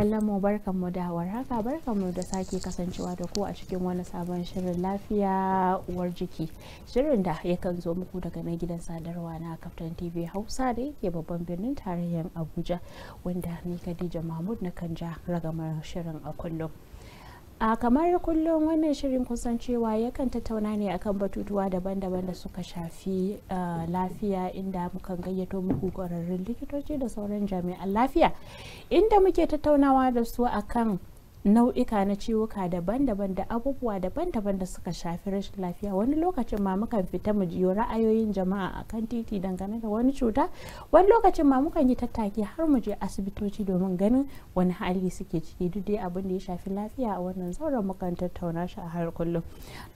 barkan mu hawar haka warhaka mu da sake kasancewa da ku a cikin wani sabon shirin lafiya uwar jiki shirin da yakan zo muku daga na gidan sadarwa na kaftan tv hausa da yake babban birnin tarayyar abuja wanda ni khadija mahmud na kan ja ragamar shirin a kullum a kamar kullum wannan shirin kusan cewa yakan tattauna ne akan batutuwa daban-daban da suka shafi lafiya inda mukan gayyato muku ƙwararrun likitoci da sauran jami'an lafiya inda muke tattaunawa da su akan nau'ika na ciwuka daban-daban da abubuwa daban-daban da suka shafi rashin lafiya wani lokacin ma mukan fita mu jiyo ra'ayoyin jama'a a kan titi dangane da wani cuta wani lokacin ma mukan yi tattaki har mu je asibitoci domin ganin wani hali suke ciki duk dai abin da ya shafi lafiya a wannan zauren mukan tattauna shi a har kullum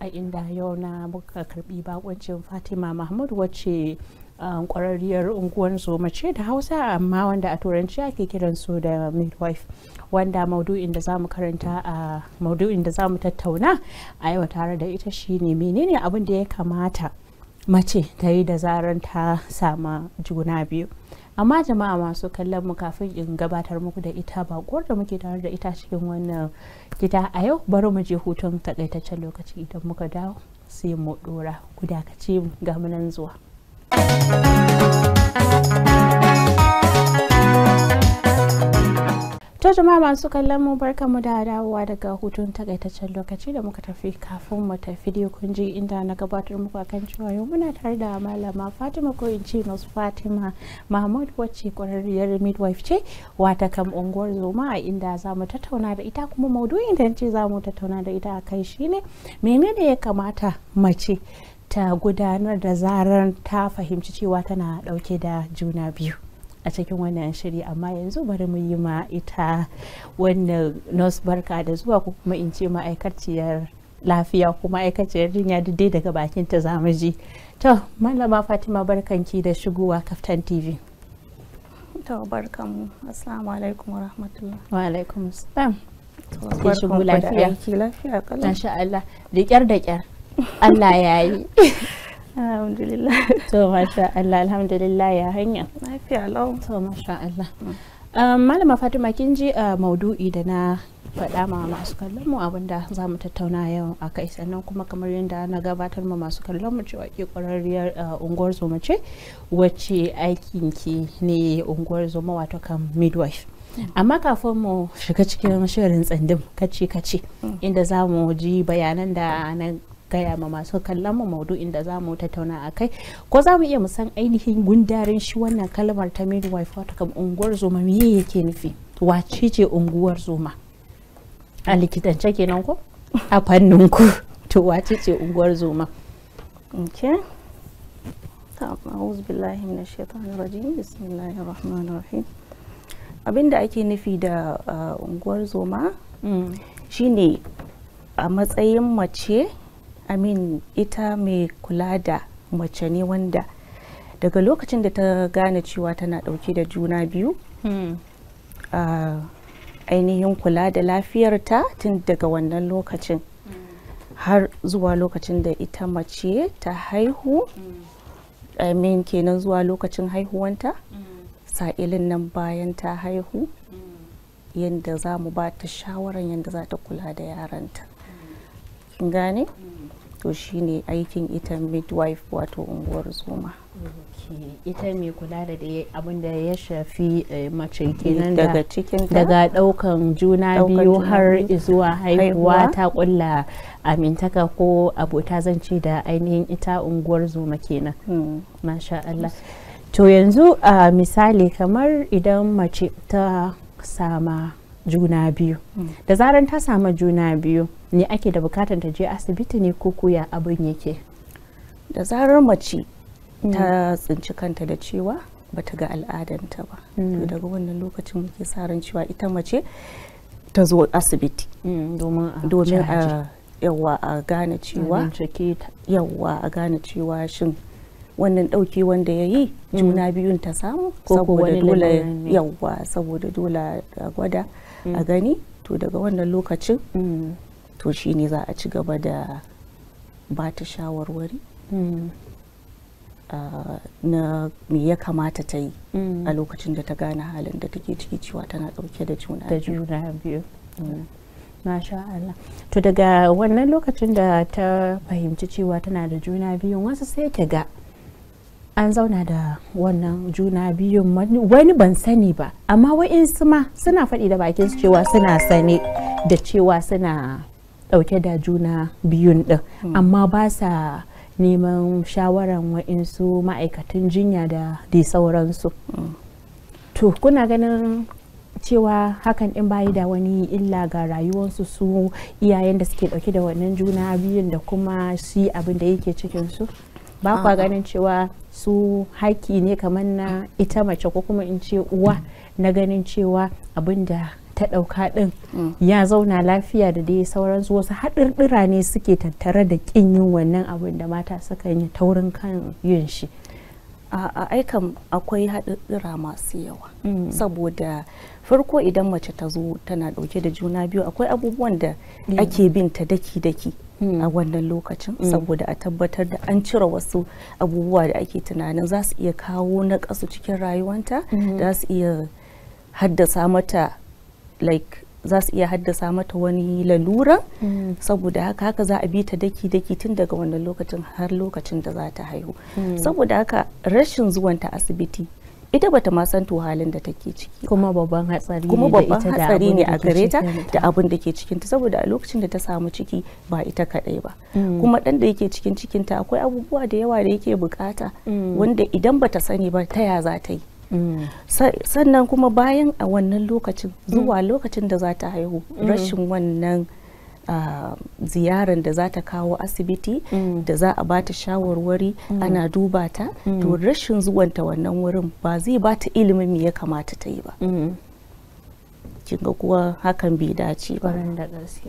a inda yau na muka karbi bakuncin fatima mahmud wacce kwararriyar unguwar zoma ce da hausa amma wanda a turanci ake kiran su da midwife wanda maudu'in da zamu karanta a maudu'in da zamu tattauna a yau tare da ita shine menene abin da ya kamata mace ta yi da zarar ta sama juna biyu amma jama'a masu kallon mu kafin in gabatar muku da ita ba kuwar da muke tare da ita cikin wannan gida a yau bari mu je hutun takaitaccen lokaci idan muka dawo sai mu dora ku dakace mu ga munan zuwa ta jama'a masu kallon mu barka mu da dawowa daga hutun takaitaccen lokaci da muka tafi kafin mu tafi da kun ji inda na gabatar muku akan cewa yau muna tare da malama Fatima ko in ce masu Fatima Mahmud wacce kwararriyar midwife ce wata kam unguwar zoma a inda za mu tattauna da ita kuma maudu'in da ce za mu tattauna da ita akai shine ne ya kamata mace ta gudanar da zarar ta fahimci cewa tana dauke da juna biyu a cikin wannan shiri amma yanzu bari mu yi ma ita wannan nurse barka da zuwa ko kuma in ce ma'aikaciyar lafiya ko ma'aikaciyar jinya dai daga bakin ta zamu ji to malama fatima barkanki da shigowa kaftan tv to barkanmu assalamu alaikum wa rahmatullah wa alaikum assalam to shigo lafiya lafiya kallon insha Allah da kyar da kyar Allah ya yi alhamdulillah to masha Allah alhamdulillah ya hanya lafiya lau to masha Allah um, malama Fatima kin ji uh, maudu'i da na faɗa ma masu kallon mu abinda za mu tattauna yau a kai sannan kuma kamar yadda na gabatar ma masu kallon mu cewa ke ƙwararriyar uh, unguwar zoma ce wacce aikin ki ne unguwar zoma wato kan midwife amma kafin mu shiga cikin shirin tsandin kace kace mm. inda za mu ji bayanan da na gaya ma masu kallon mu maudu'in da za mu tattauna a kai ko za mu iya mu san ainihin gundarin shi wannan kalmar ta midwife wato kam unguwar zoma me yake nufi wace ce unguwar zoma a likitance kenan ko a fannin ku to wace ce unguwar zoma okay أعوذ بالله من الشيطان الرجيم بسم الله الرحمن Abin abinda ake nufi da uh, unguwar zoma mm. shine a matsayin mace Amin ita mai kula da mace ne wanda daga lokacin da ta gane cewa tana dauke da juna biyu hmm. ainihin kula da lafiyarta tun daga wannan lokacin har zuwa lokacin da ita mace ta haihu Amin kenan zuwa lokacin haihuwanta sa'ilin nan bayan ta haihu yadda za mu ba ta shawaran yadda za ta kula da yaranta gane? to shine aikin ita midwife wato unguwar zoma ita mai kula da abin da ya shafi eh, mace kenan daga cikin daga daukan juna biyu har zuwa haihuwa ta kulla amintaka ko abota zance da ainihin ita unguwar zuma kenan hmm. masha Allah to yanzu a misali kamar idan mace ta sama juna biyu mm. da zaran ta samu juna biyu ne ake da bukatar ta je asibiti ne ko koya abin yake da zarar mace mm. ta tsinci kanta da cewa bata ga al'adanta ba mm. to daga wannan lokacin muke sa cewa ita mace ta zo asibiti domin a yawa a gane cewa yawa a gane cewa shin wannan ɗauki wanda ya yi juna biyun ta samu saboda dole yawa saboda dole gwada a gani to daga wannan lokacin mm. to shi ne za a ci gaba da ba ta shawarwari mm. na me ya kamata ta yi mm. a lokacin da ta gane halin da take ciki cewa tana dauke da juna biyu masha Allah to daga wannan lokacin da ta fahimci cewa tana da juna biyu wasu sai ta ga an zauna da wannan juna biyun wani ban sani ba amma wa'insu ma suna faɗi da bakin su cewa suna sani da cewa suna ɗauke da juna biyun ɗin hmm. amma ba sa neman shawaran wa'insu ma'aikatan jinya da dai sauransu hmm. to kuna ganin cewa hakan din bayi da wani illa ga rayuwarsu su iyayen da suke dauke da wannan juna biyun da kuma shi abin da yake cikinsu su ba kwa ganin cewa su haƙƙi ne kamar na ita mace ko kuma in ce uwa na ganin cewa abin da ta ɗauka ɗin mm. ya zauna lafiya da dai sauransu wasu haɗirɗira ne suke tattare da ƙin yin wannan abin da mata suka yi taurin kan yin shi a aikan akwai haɗirɗira masu yawa mm. saboda farko idan mace ta zo tana ɗauke da juna biyu akwai abubuwan da ake bin ta daki-daki Hmm. a wannan lokacin hmm. saboda a tabbatar da an cire wasu abubuwa da ake tunanin za su iya kawo na cikin rayuwanta hmm. za su iya haddasa mata like za su iya haddasa mata wani lalura saboda haka haka za a bi ta daki daki tun daga wannan lokacin har lokacin da za ta haihu saboda haka rashin zuwanta asibiti ita bata ma san to halin da take ciki kuma babban hatsari kuma babban hatsari ne a gare ta da abin da ke cikin ta saboda a lokacin da ta samu ciki ba ita kadai ba mm. kuma dan da yake cikin cikin ta akwai abubuwa da yawa da yake bukata mm. wanda idan bata sani ba ta ya za ta yi mm. sannan kuma bayan a wannan lokacin zuwa lokacin da za ta haihu rashin wannan ziyaran da za ta kawo asibiti mm. da za a ba ta shawarwari mm. ana duba ta mm. to rashin zuwanta wannan wurin ba zai bata ilimin me ya kamata ta yi ba kin ga kuwa hakan bai dace ba da gaske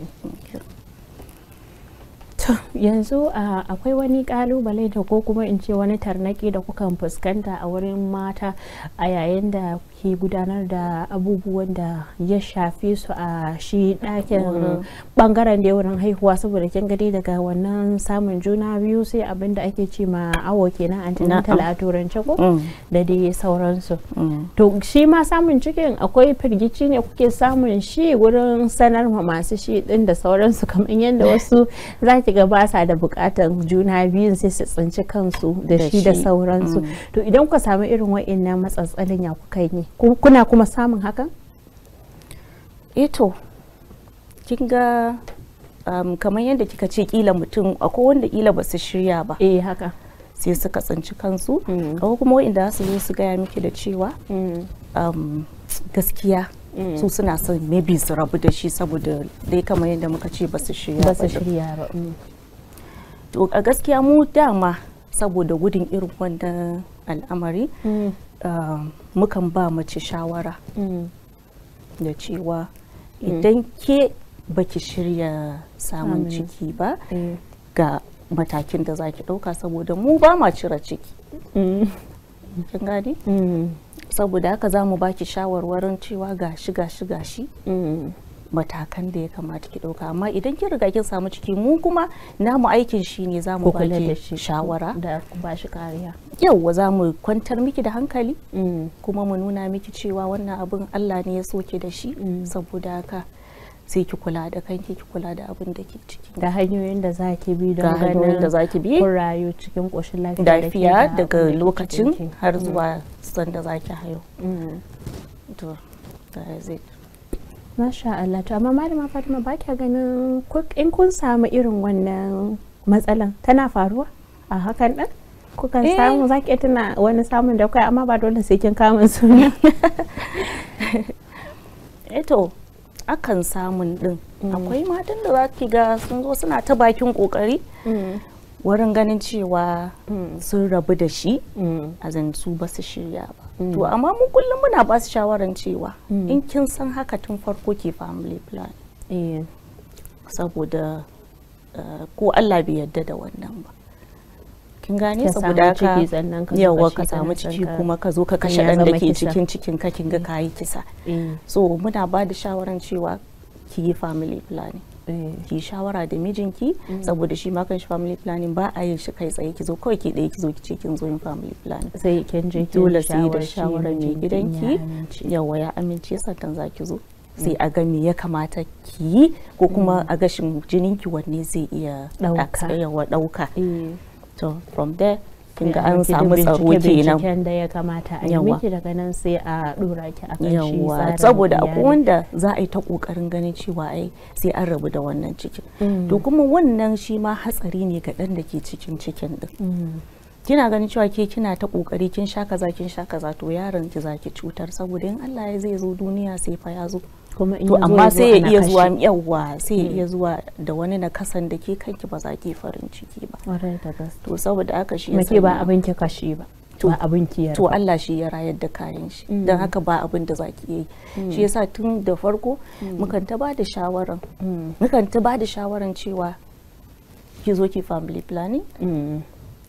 yanzu akwai wani kalubale da ko kuma in ce wani tarnaki da kukan fuskanta a wurin mata a yayin da gudanar da abubuwan da ya shafe su a shi ɗakin bangaren mm-hmm. da wurin haihuwa saboda kin daga wannan samun juna biyu sai abin da ake ce ma awo kenan antenatal a turance ko mm. da dai sauransu mm. to shi ma samun cikin akwai firgici ne kuke samun shi wurin sanar ma masu shi din da sauransu kamar yadda wasu za ki ga ba sa da bukatan juna biyun sai su tsinci kansu da shi da sauransu mm. to idan ku samu irin wa'annan matsatsalin ya kuka yi kuna kuma samun hakan ito eh kin ga um, kamar yadda kika ce kila mutum akwai wanda kila ba su shirya ba eh haka sai suka tsinci kansu mm. akwai kuma wa'inda su zo su gaya miki da cewa mm. um, gaskiya Mm. su suna son maybe su rabu da shi saboda dai kamar yadda muka ce ba su shirya ba mm. to a gaskiya mu dama saboda gudun irin wannan al'amari mm. Um, mukan ba mace shawara mm. da cewa mm. idan ke baki shirya samun ciki ba eh. ga matakin da zaki ɗauka saboda mu ba ma cire ciki mm. kin gani saboda haka zamu baki shawarwarin cewa gashi gashi gashi matakan da ya kamata ki ɗauka amma idan kin riga kin samu ciki mu kuma namu aikin shi ne za mu baki shawara da ba shi kariya yauwa za mu kwantar miki da hankali mm. kuma mu nuna miki cewa wannan abin Allah ne ya soke da shi mm. saboda haka sai ki kula da kanki ki kula da abin da ke ciki da hanyoyin da za ki bi don ganin da za ki bi kun rayu cikin koshin lafiya daga lokacin har mm. zuwa sanda za ki hayo to zai masha Allah to amma malama Fatima ba kya ganin in kun samu irin wannan matsalan tana faruwa a hakan din kukan eh. samu za ki tana wani samun da kai amma ba dole sai kin kama suna eto eh akan samun din mm. akwai matan da za ki ga sun zo suna ta bakin kokari mm. wurin ganin cewa mm. sun rabu da shi a su ba su shirya ba to mm. amma mu kullum muna ba su shawaran cewa mm. in kin san haka tun farko ke family plan eh. saboda eh, ko Allah bai yarda da wannan ba kin gane saboda ka yawa ka samu ciki kuma ka zo ka kashe dan da ke cikin cikin ka kin ga mm. kayi kisa eh. so muna ba da shawaran cewa ki yi family planning ki shawara da mijinki saboda shi ma kan shi family planning ba a yin shi kai tsaye ki zo kawai ki ɗaya ki zo ki ce kin zo yin family planning sai kin je ki dole sai da shawara mai gidanki yawa ya amince sannan za ki zo mm. sai a ga me ya kamata ki yi ko kuma mm. a ga gashin jininki wanne zai iya ɗauka eh. to from there kin ga an samu tsaro kenan binciken da ya kamata a yi miki daga nan sai a dora ki akan shi yawa saboda akwai wanda za a yi ta kokarin ganin cewa ai sai an rabu da wannan cikin to mm. kuma wannan shi ma hatsari ne ga dan da ke cikin cikin din mm. kina ganin cewa ke kina ta kokari kin sha kaza kin sha to yaron ki zaki cutar saboda in Allah ya zai zo duniya sai fa ya zo to amma sai ya iya zuwa yawwa sai ya mm. iya zuwa da wani na kasan da ke kanki ba za ki farin ciki ba to saboda haka shi ya ba abin ki kashe ba to abin ki to Allah shi ya rayar da kayan shi mm. don haka ba abin da za ki yi mm. shi yasa tun da farko mukan ta ba da shawaran mukan ta ba da shawaran cewa ki zo ki family planning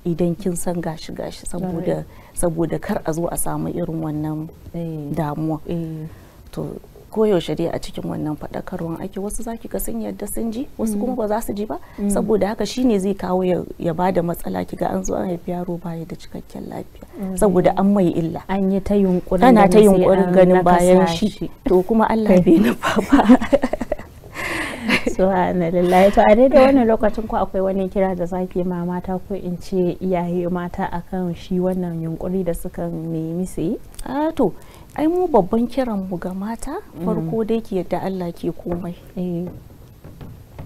idan kin san gashi gashi saboda saboda kar a zo a samu irin wannan eh. damuwa eh. to koyaushe dai a cikin wannan faɗakarwan ake wasu za ki ga sun yadda sun ji wasu mm. kuma ba za su ji ba mm. saboda haka shine zai kawo ya ba da matsala ga an zo an haifi yaro baya da cikakken lafiya mm. saboda an mai illa an yi ta yunkurin tana ta yunkurin ganin bayan shi to kuma Allah bai nufa ba subhanallah to a da wannan lokacin ko akwai wani kira da zaki ma mata ko in ce iyaye mata akan shi wannan yunkuri da suka nemi su yi a ah, to ai mu babban kiran mu ga mata mm. farko dai ki yadda Allah ke komai eh.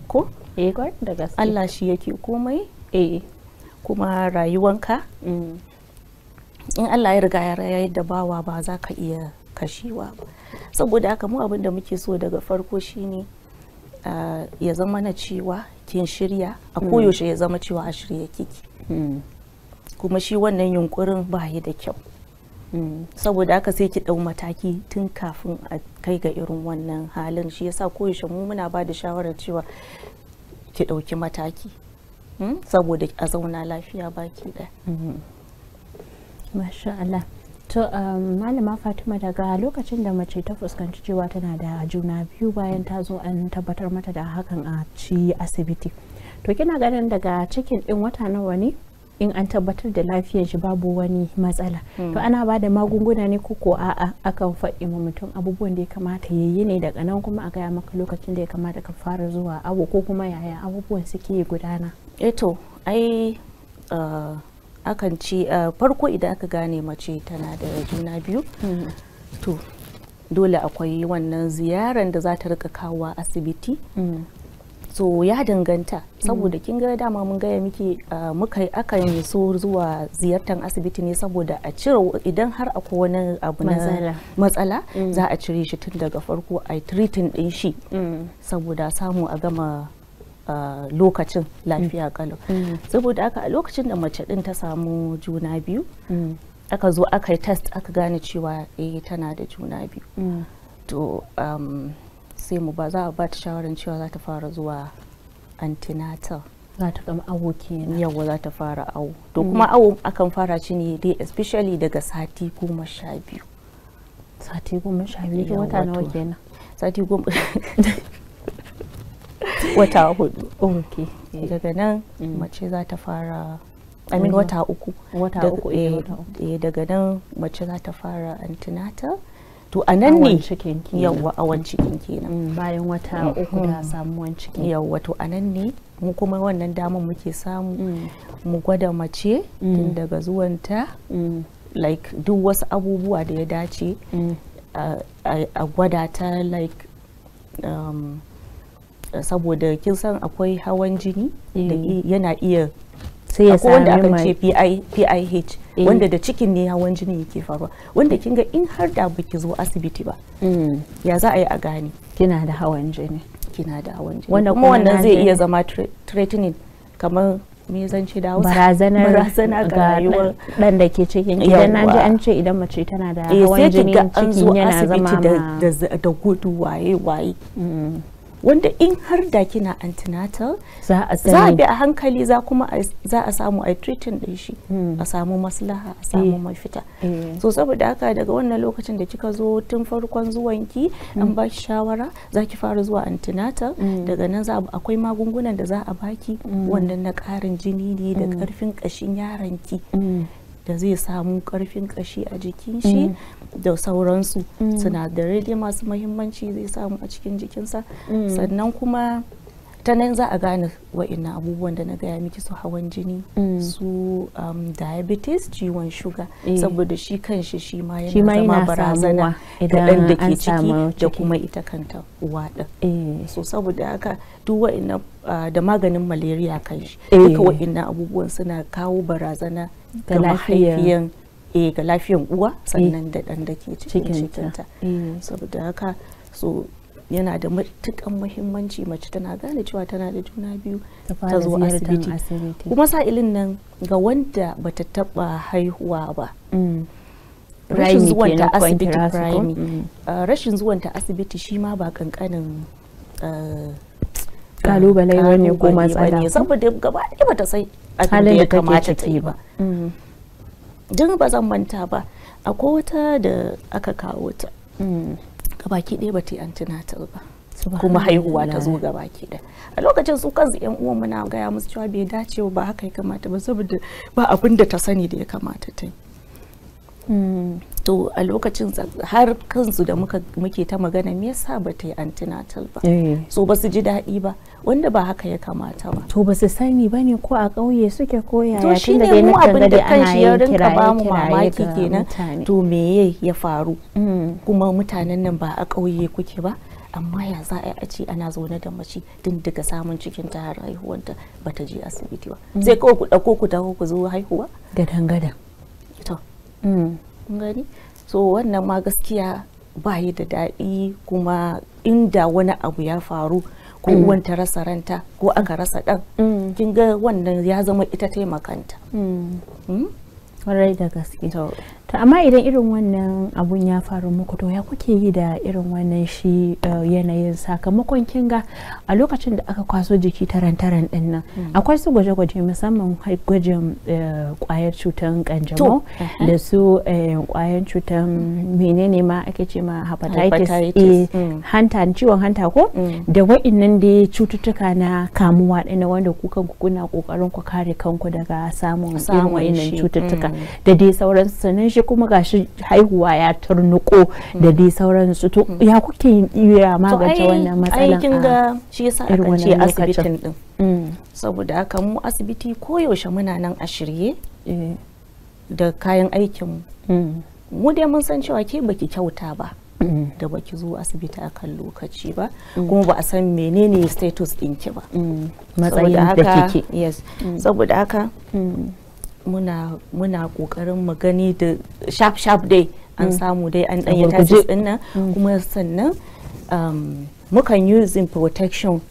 ko eh, Allah shi yake komai eh. kuma rayuwanka mm. in Allah ya riga ya rayar da bawa ba za ka iya kashewa saboda haka mu abin da muke so daga farko shine ah, ya zama na cewa kin shirya a mm. koyaushe ya zama cewa a shirya kiki kuma shi wannan yunkurin ba da kyau saboda haka sai ki ɗau mataki tun kafin a kai ga irin wannan halin shi yasa koyaushe mu muna ba da shawarar cewa ki ɗauki mataki hmm, saboda a zauna lafiya baki ɗaya. Mm-hmm. Masha Allah. To um, malama Fatima daga lokacin da mace ta fuskanci cewa tana da juna biyu bayan ta zo an tabbatar mata da hakan a ci asibiti. To kina ganin daga cikin ɗin wata nawa ne? in an tabbatar da lafiyar shi babu wani matsala to hmm. ana ba da magunguna ne ko ko a'a akan faɗi ma mutum abubuwan da ya kamata ya yi ne daga nan kuma a gaya maka lokacin da ya kamata ka fara zuwa abu ko kuma yaya abubuwan suke gudana eto eh ai eh, akan ci eh, farko idan aka gane mace tana da juna biyu hmm. to dole akwai wannan ziyaran da za ta rika kawo asibiti hmm. so ya danganta saboda mm. kin ga dama mun gaya miki ah, muka yi so zuwa ziyartar asibiti ne saboda a cire idan har akwai wani abu na matsala mm. za a cire shi tun daga farko a treating din shi mm. saboda samu a gama ah, lokacin lafiya kalau saboda aka a lokacin da mace din ta samu juna biyu aka zo aka yi test aka gane cewa eh tana da juna biyu to um, sai mu ba za a ba ta shawarar cewa za ta fara zuwa antenatal za ta kama awo kenan yawa za ta fara awo to mm. kuma awo akan fara shi ne dai especially daga sati goma sha biyu sati goma sha biyu wata nawa kenan sati goma wata hudu ok eh, daga nan mm. mace za ta fara mean wata uku wata uku eh, eh, daga nan mace za ta fara antenatal to a nan ne yawwa awan cikin kenan mm, bayan wata uku da samuwan cikin yawwa to a nan ne mu kuma wannan damar muke samu mm. mu gwada mace mm. daga zuwanta like duk wasu abubuwa da ya dace a gwada ta like um, saboda kin san akwai hawan jini da eh. yana iya sai ya sami wanda aka ce PIH Eh. wanda da cikin ne hawan jini yake faruwa wanda kin ga in har da baki zo asibiti ba mm. ya za a yi a gane kina da hawan jini kina da hawan jini wanda kuma wannan zai iya zama threatening kamar me zan ce da barazanar barazana ga rayuwar dan da ke cikin idan na ji an ce idan mace tana da eh, hawan jini cikin yana zama da da gudu waye waye mm. wanda in har da kina antenatal za a bi a hankali za kuma za a samu a treating din shi hmm. a samu maslaha a samu eh. mafita eh. so saboda haka daga wannan lokacin da kika zo tun farkon zuwanki an hmm. ba ki shawara za ki fara zuwa antenatal hmm. daga nan za akwai magungunan da za a baki wannan na karin jini ne da karfin kashin yaranki da zai samu karfin kashi a jikin shi mm. da sauransu mm. sinadarai dai masu mahimmanci zai samu a cikin jikinsa mm. sannan kuma ta nan za a gane wa'innan abubuwan da na gaya miki su hawan jini mm. su um, diabetes ciwon shuga eh. saboda shi kanshi shi ma yana zama barazana kaɗan da ke ciki da kuma ita kanta uwa ɗin eh. so saboda haka duk wa'innan uh, da maganin malaria kanshi eh. duka wa'innan abubuwan suna kawo barazana ga mahaifiyan ga lafiyan uwa sannan da ɗan da ke cikin cikinta saboda haka so yana da matukan muhimmanci mace tana gane cewa tana da juna biyu ta zo asibiti kuma sa'ilin nan ga wanda bata taba haihuwa ba mm. rashin zuwanta asibiti primary. Mm. Uh, rashin zuwanta asibiti shi ma ba kankanin kalubale uh, ne ko matsala saboda gaba ɗaya bata sai abin da ya kamata ta yi ba don ba zan manta ba akwai wata da aka kawo ta mm. gabaki ɗaya ba ta yi tunatar ba kuma haihuwa ta zo gaba baki ɗaya a lokacin su kansu yan uwan muna gaya musu cewa bai dace ba haka ya kamata ba saboda ba abin da ta sani da ya kamata ta yi to a lokacin har kansu da muke ta magana me yasa ba ta yi antenatal ba eh. so ba su ji daɗi ba wanda ba haka ya kamata ba to ba su sani ba ne ko a ƙauye suke koya to tun da mu abin da kanshi ya rinka ba mu mamaki kenan to meye ya faru mm. kuma mutanen nan ba a ƙauye kuke ba amma ya za a yi ce ana zaune da mace din daga samun cikin ta har haihuwanta ta je asibiti ba mm. sai kawai ku ɗauko ku dawo ku zo haihuwa gadan gadan Mm. gani so wannan ma gaskiya bayi da daɗi kuma inda wani abu ya faru ko mm. uwan ta rasa ranta ko aka rasa ɗan mm. kin ga wannan ya zama ita taimakanta. Kwarai da gaske. ta amma idan irin wannan abun ya faru muku to ya kuke yi da irin wannan shi eh, yanayin sakamakon kinga a lokacin da aka kwaso jiki taran taran din nan mm. akwai su gwaje-gwaje musamman gwajin kwayar eh, cutar kanjamau da su kwayar eh, cutar menene ma ake ce ma hepatitis mm. hanta ciwon hanta ko mm. da wa'innan da cututtuka na kamuwa ɗin wanda kanku kuna kokarin ku kare kanku daga samun irin wa'innan cututtuka da dai sauran sannan shi ƙarshe kuma gashi haihuwa ya tarnuko da dai sauransu to ya kuke iya magance wannan matsalan aikin ga shi yasa aka ce asibitin din mm. saboda haka mu asibiti ko yaushe muna nan a shirye eh. da kayan aikin mu mm. mu dai mun san cewa ke baki kyauta ba mm. da baki zo asibiti a kan lokaci ba kuma ba a san menene status ɗinki ba matsayin da kike saboda haka muna muna kokarin mu gani da sharp sharp dai an mm. samu dai an danya tasis din kuma sannan um, mukan using protection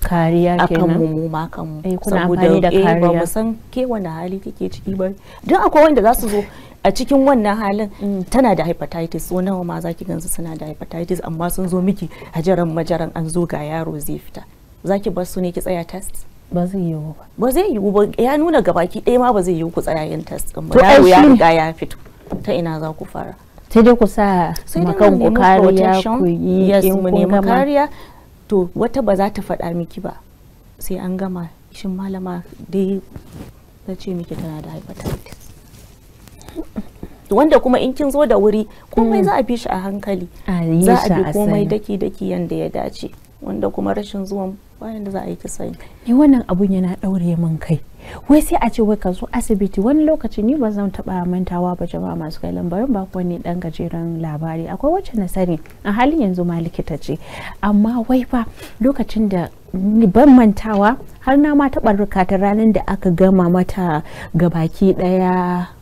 kariya kenan akan mu ma kan eh, saboda da kariya eh, ba mu san ke wani hali kike ciki ba don akwai wanda za zo a cikin wannan halin mm. tana da hepatitis so nawa ma zaki gansu suna da hepatitis amma sun zo miki hajaran majaran an zo ga yaro zai fita zaki bar su ne ki tsaya test ba zai yiwu ba ba zai yiwu ba ya nuna gabaki ɗaya ma ba zai yiwu ku tsara yin test ɗin ba yaro ya riga ya fito ta ina za ku fara sai dai ku sa makan ku kariya ku yi yes mu nemi kariya to wata ba za ta faɗa miki ba sai an gama shin malama dai ta ce miki tana da hepatitis wanda kuma in kin zo da wuri komai za a bi shi a hankali za a bi komai daki daki yanda ya dace wanda kuma rashin zuwan wani da za a yi ta ni eh, wannan abun yana daure min kai wai sai a ce wai ka zo asibiti wani lokaci ni ba zan taba mantawa ba jama'a masu kai lambarin ba wani dan gajeren labari akwai wacce na sani a halin yanzu ma likita ce amma wai fa lokacin da ban mantawa har na ma taɓa rukatar ranar da aka gama mata gabaki ɗaya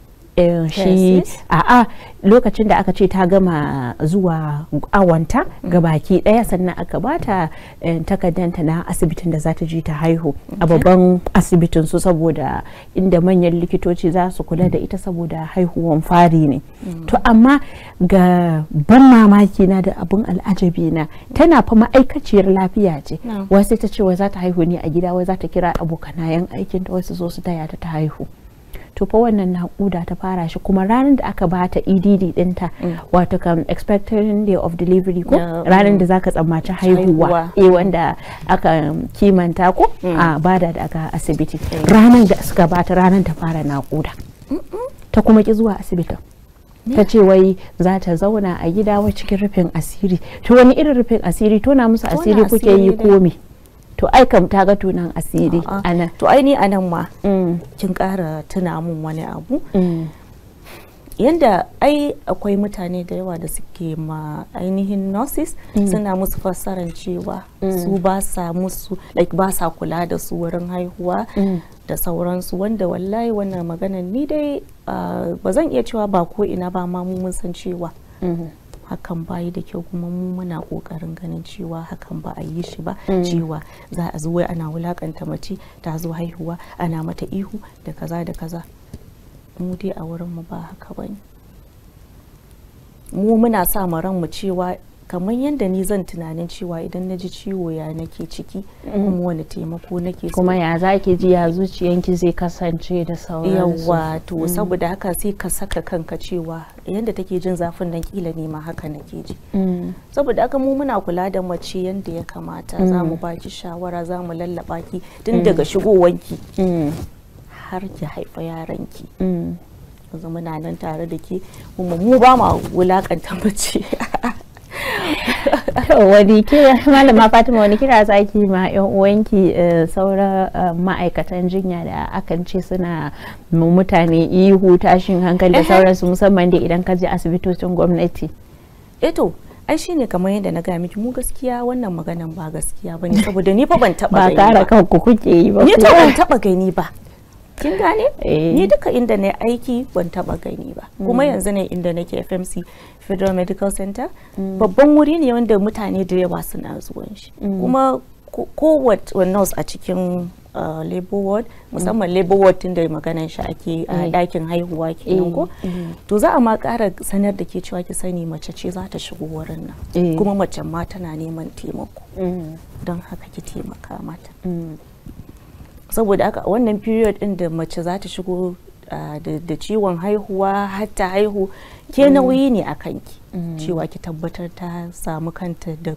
shi a lokacin da aka ce ta gama zuwa awanta mm. ga baki ɗaya sannan aka bata eh, takardanta na asibitin da za ta je ta haihu a babban asibitin su saboda inda manyan likitoci za su kula da ita saboda haihuwan fari ne mm. to amma ga ban mamaki na da abun al'ajabi na tana fa ma'aikaciyar lafiya ce wasu ta ce wai za ta haihu ne a gida wai za ta kira abokanayen aikin ta wasu zo su taya ta ta haihu to fa wannan naƙuda ta fara shi kuma ranar da aka bata EDD dinta mm. wato kam expecting day of delivery ko mm. ranar da zaka tsammaci haihuwa eh wanda aka kimanta ko mm. a bada da asibiti ranar da suka bata ranar ta fara naƙuda ta kuma ki zuwa asibitin ta ce wai za ta zauna a gida wa cikin rufin asiri to wani irin rufin asiri tona musu asiri kuke yi komi to ai kam ta ga tunan asiri anan to ai ni anan ma mm. kin ƙara tuna mun wani abu mm. yanda ai akwai mutane da yawa da suke ma ainihin nurses mm. suna musu fassaran cewa su ba sa musu like ba sa kula da su wurin haihuwa da sauransu wanda wallahi wannan magana ni dai ah, ba zan iya cewa ba ko ina ba ma mun san cewa mm-hmm. hakan bayi da kyau kuma mu muna kokarin ganin cewa hakan ba a yi shi ba mm. cewa za a zo ana wulakanta mace ta zo haihuwa ana mata ihu da kaza da kaza mu dai a wurin mu ba haka bane mu muna sa mu cewa kamar yadda ni zan tunanin cewa idan na ji ciwo ya nake ciki mm. kuma wani taimako nake kuma ya za ki ji ya zuciyanki zai kasance da sauransu yawa to mm. saboda haka sai ka saka kanka cewa yadda take jin zafin nan kila ne ma haka nake ji mm. saboda haka mu muna kula da mace yadda ya kamata za mu baki shawara za mu lallaba ki tun daga shigowanki har ki haifa yaranki yanzu muna nan tare da ke mu ba ma wulakanta mace wani kira malama fatima wani kira zaki ma yan uwanki eh, sauran eh, ma'aikatan jinya da akan ce suna mutane ihu tashin hankali da sauransu musamman da idan ka je asibitocin gwamnati eto eh ai shine kamar yadda na gaya miki mu gaskiya wannan maganan ba gaskiya bane saboda ni fa ban taba gani ba kara kanku kuke yi ba ni ta ban taba gani ba kin gane ni duka inda na aiki ban taba gani ba kuma mm. yanzu ne inda nake FMC federal medical center mm. babban wuri ne wanda mutane da yawa suna zuwan shi mm. kuma kowace nurse a cikin uh, labor ward musamman labor ward tun da maganan shi ake a dakin mm. haihuwa kenan ko eh, to za a ma kara sanar da ke cewa ki sani mace ce za ta shigo wurin nan eh. kuma mace ma tana neman taimako don haka ki taimaka mata saboda haka wannan period din da mace za ta shigo Ah, da ciwon haihuwa hatta haihu ke mm. nauyi ne a kanki mm. cewa ki tabbatar ta samu kanta da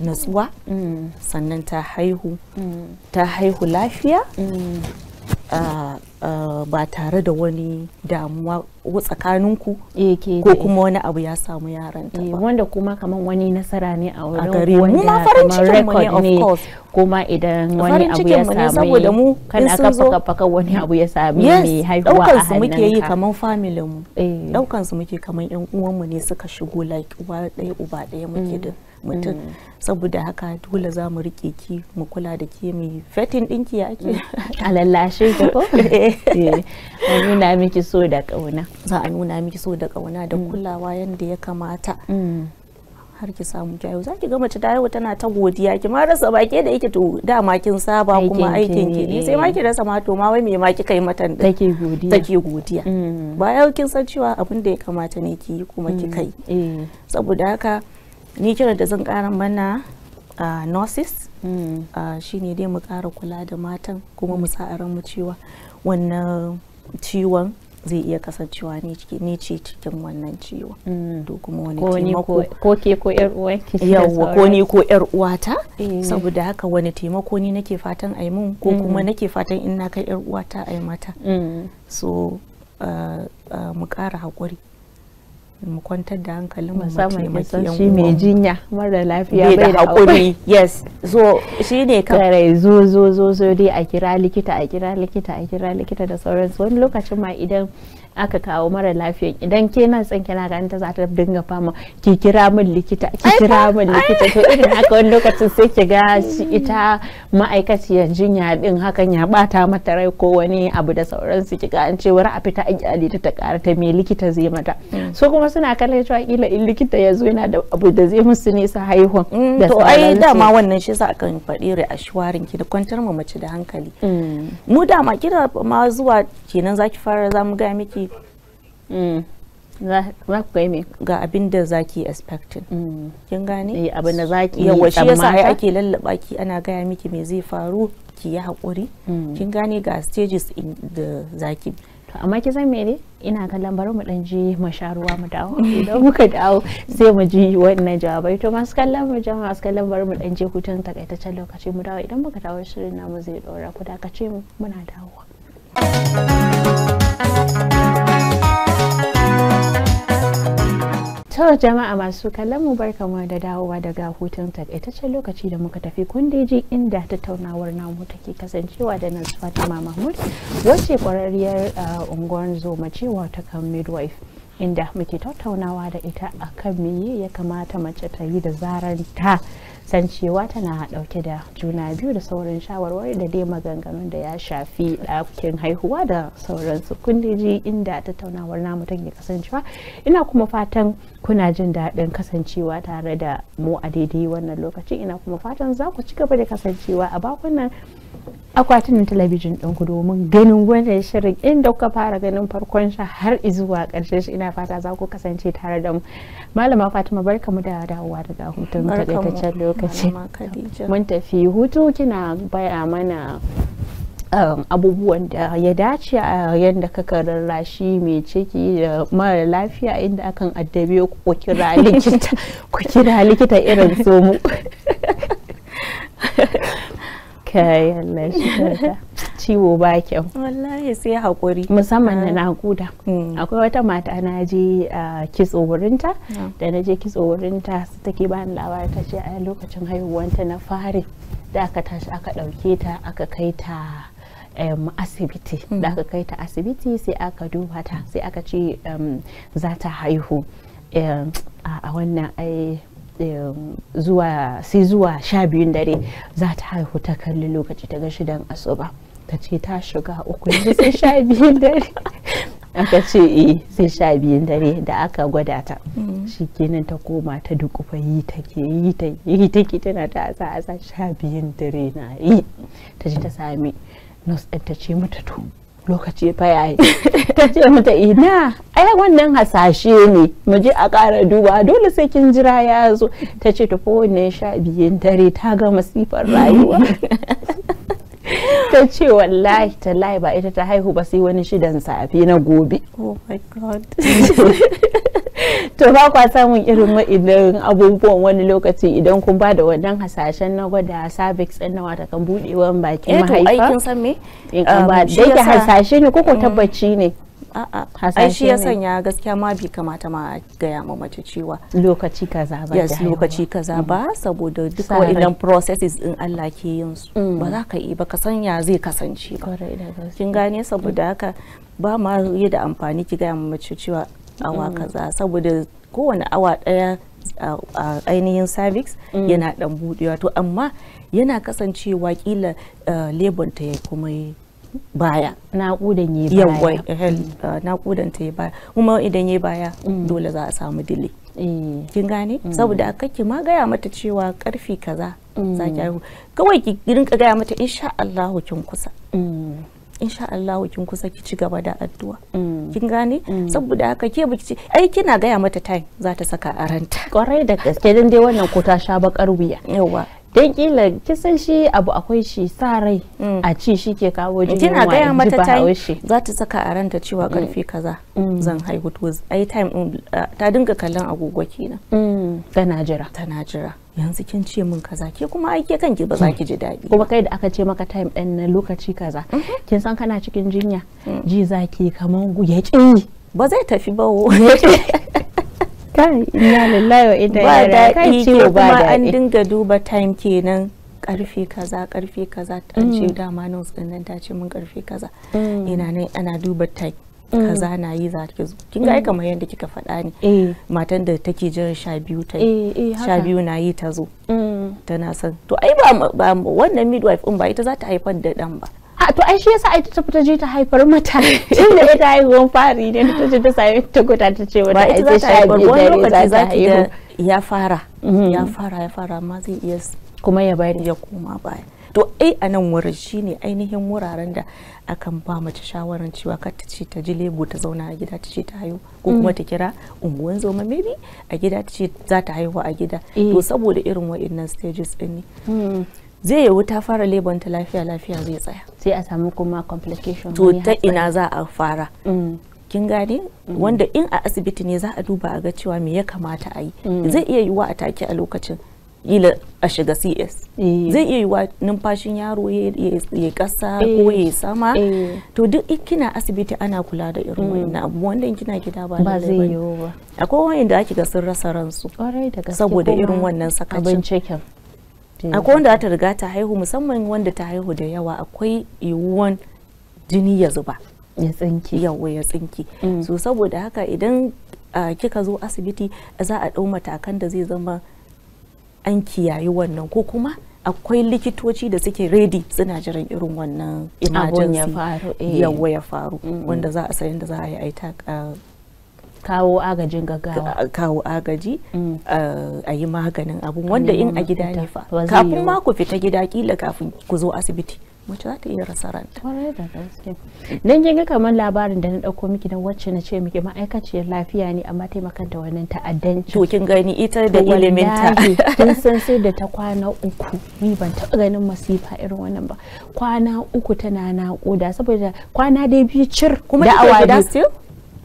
natsuwa mm. sannan ta haihu ta haihu lafiya ba tare da wani damuwa tsakaninku eh, ko kuma wani abu ya samu yaran ta eh, wanda kuma kaman wani nasara ne a wurin wanda kamar record ne kuma idan wani abu ya samu mu kana faka faka wani abu ya samu ne haihuwa a hannunka muke yi kamar family mu daukan eh. su muke kamar yan uwan mu ne suka shigo like uwa daya uba daya muke mm. din mutum mm. saboda haka dole za mu rike ki mu kula da ke mai fetin ɗinki ya ake mm. a lallashe ki ko eh. Eh, a nuna miki so da ƙauna za a nuna miki so da ƙauna da mm. kulawa yadda ya kamata har ki samu kyawu za ki ga mace ta yau tana ta godiya ki ma rasa ba da yake to dama kin saba kuma aikin ki ne sai ma eh. ki rasa ma to ma wai me ma kika yi mata take godiya take godiya ba kin san cewa abin da ya kamata ne ki kuma ki kai saboda haka ni kira da zan ƙara mana nurses Shi hmm. ne shine dai mu kara kula da matan kuma mu sa ran mu cewa wannan ciwon zai iya kasancewa ne ce cikin wannan ciwo hmm. to kuma wani taimako ko ke ko yar uwanki yawa ko ni ko yar uwata eh. saboda haka wani taimako ni nake fatan ai mun ko hmm. kuma nake fatan in na kai yar uwata ai mata so mu kara hakuri mu kwantar da hankalin mu musamman san shi mai jinya mara lafiya bai da hakuri yes so shine kare zo zo zo zo dai a kira likita a kira likita a kira likita da sauransu wani lokacin ma idan aka kawo mara lafiyan idan ke nan tsan kina ganin ta za ta dinga fama ki kira min likita ki kira min likita to irin haka wani lokacin sai ki ga shi ita ma'aikaciyar jinya din hakan ya bata mata rai ko wani abu da sauransu ki ga an ce a fita a ta ta kara ta me likita zai mata mm. so kuma suna kallon cewa kila in likita ya zo yana da abu da zai musu nisa haihuwan mm, da to ai dama wannan shi yasa akan faɗi reassuring ki da kwantar mu mace da hankali mm. mu dama kira ma zuwa kenan zaki fara zamu ga miki Mm. za ku kai me ga abin da zaki expecting mm. kin gane eh abin da zaki yawa shi yasa ai ake lallaba ki ana gaya miki me zai faru ki yi hakuri mm. kin gane ga stages da zaki to amma ki san me ina kallon bari mu dan je mu sha ruwa mu dawo idan muka dawo sai mu ji wannan jawabai to masu kallon mu jama masu kallon bari mu dan je hutun takaitaccen lokaci mu dawo idan muka dawo shirin namu zai dora ku da dakace mu muna dawowa To jama'a masu kallon mu kama da dawowa daga hutun takaitaccen lokaci da muka tafi kundeji inda tattaunawar namu take kasancewa da nasu Fatima Mahmud wacce kwararriyar ah, unguwar zoma cewa ta kan midwife. inda muke tattaunawa da ita akan meye ya kamata mace ta yi da zarar ta san cewa tana dauke da juna biyu da sauran shawarwari da dai maganganun da ya shafi ɗakin haihuwa da sauransu kun ji inda tattaunawar namu ke kasancewa ina kuma fatan kuna jin daɗin kasancewa tare da mu a daidai wannan lokaci ina kuma fatan za ku ci gaba da kasancewa a bakunan akwatin talabijin ɗinku domin ganin wannan shirin inda kuka fara ganin farkon shi har zuwa ƙarshe shi ina fata za ku kasance tare da mu malama fatima barka mu da dawowa daga hutun takaitaccen lokaci mun tafi hutu kina baya mana um, abubuwan da ya dace a yadda ka rarrashi mai ciki da mara lafiya inda akan addabe ku kira likita irin su kai Allah shi ciwo ba kyau wallahi sai hakuri musamman na ah. nakuda mm. akwai wata mata na je ah, kitso wurinta ah. da na je kitso wurinta su take bani labari ta ce a lokacin haihuwanta na fari da aka tashi aka ɗauke ta aka kai ta asibiti mm. da aka kai ta asibiti sai aka duba ta sai aka ce za ta haihu a wannan ai Eh, zuwa sai zuwa sha biyun dare za ta haihu ta kalli lokaci ta ga shidan asuba ta ce ta shiga uku yanzu sai sha biyun dare aka ce eh sai sha biyun dare da aka gwada ta mm. shi kenan ta koma ta dukufa yi take yi ta yi tana ta asa asa sha biyun dare na yi ta ji ta sami nurse ta ce mata to lokaci fa yayi ta ce mata ina ai wannan hasashe ne mu je a ƙara duba dole sai kin jira ya zo ta ce ta wannan sha biyun dare ta ga masifar rayuwa ta ce wallahi ta ba ita ta haihu ba sai wani shidan safe na gobe oh my god to ba kwa samun irin wa'idan abubuwan wani lokaci idan kun ba da wannan hasashen na gwada cervix din na wata kan budewan bakin mahaifa eh to aikin san me in kan ba um, da hasashe ne ko ko mm. tabbaci ne ai shi ya sanya gaskiya ma bi kamata ma ga ma mace cewa lokaci kaza ba yes lokaci kaza ba mm. saboda duka waɗannan processes in Allah ke yin su mm. ba za ka yi ba ka sanya zai kasance ba kin gane saboda haka ba ma yi da amfani ki gaya ma mace cewa awa mm. kaza saboda kowane awa daya a ainihin cervix mm. yana dan budewa to amma yana kasancewa kila labor ta kuma baya naƙudan ya baya eh, mm. naƙudan ta ya baya kuma idan ya baya dole za a samu dile eh. kin gane saboda kake ma gaya mata cewa karfi kaza za ki kawai ki rinka gaya mata insha Allah kin kusa insha Allah kin kusa ki ci gaba da addu'a mm. kin gane mm. saboda haka ke ce ai kina gaya mata time za ta saka a kwarai da gaske dan dai wannan ko ta sha bakar wuya yawa dan kila ki san shi abu akwai shi sa rai mm. a ci shi ke kawo jin kina gaya mata time za ta saka aranta cewa karfe kaza zan haihu to ai time ta dinga kallon agogo kenan tana jira tana jira yanzu kin ce min kaza ke kuma aike kanki ba za ki ji daɗi kuma kai da aka ce maka time ɗin na lokaci kaza mhm. kin san kana cikin jinya mhm. ji zaki kaman ya ƙi ba zai tafi ba wo kai inna lillahi wa inna ilaihi raji'un kai ciwo ba daɗi an dinga duba time kenan karfe kaza karfe kaza an ce mm. dama nan din ta ce min karfe kaza mm. ina nan ana duba time kaza mm. na yi za ki zo kin ga mm. kamar yadda kika faɗa ne eh. matan da take jiran sha biyu ta eh, eh, sha biyu na yi ta zo mm. tana son to ai ba wannan midwife din ba ita za ta haifar da dan ba a to ai shi yasa ai ta fita je ta haifar mata tun da ita haihuwan fari ne ta je ta sami ta gota ta ce wata ai ta haifar wani lokaci za ki ya fara ya fara ya fara amma zai iya kuma ya bayar ya koma baya to ai a nan wurin shine ainihin wuraren da akan ba mace shawaran cewa kar ta ce ta ji lebo ta zauna a gida ta ce ta haihu ko kuma mm. ta kira unguwan zoma maybe a gida ta ce za ta haihu a gida to eh. saboda irin wa'annan stages din ne mm. zai yi ta fara lebon ta lafiya lafiya zai tsaya sai a samu kuma complication to ta ina za a fara mm. kin gane wanda in a asibiti ne za a duba a ga cewa me ya kamata a yi zai iya yiwuwa a take a lokacin kila a shiga cs eh. zai iya yiwa numfashin yaro ya kasa ko eh. ya sama eh. to duk kina asibiti ana kula da irin mm. wannan abu wanda kina gida ba ba zai yiwu ba akwai wanda ake ga sun rasa ransu saboda irin wannan sakacin akwai wanda ta riga ta haihu musamman wanda ta haihu da yawa akwai yiwuwan jini ya zuba ya tsinki yawa ya tsinki mm. so saboda haka idan ah, kika zo asibiti za a ɗau matakan da zai zama an kiyayi wannan ko kuma akwai likitoci da suke ready suna jiran irin wannan emergency eh. yawa ya faru wanda za a sayan da za a yi kawo agajin gaggawa kawo agaji mm. eh, a yi maganin abun wanda in a gida ne fa kafin ma ku fita gida kila kafin ku zo asibiti mace za ta iya rasa ranta. Kwarai da Nan kin ga kamar labarin da na dauko miki dan wacce na ce miki ma'aikaciyar lafiya ne amma taimakanta da wannan ta'addanci. To kin gani ita da ilimin ta. Kin san sai da ta kwana uku ni ban taɓa ganin masifa irin wannan ba. Kwana uku tana naƙuda saboda kwana dai biyu cir. Kuma da awa da.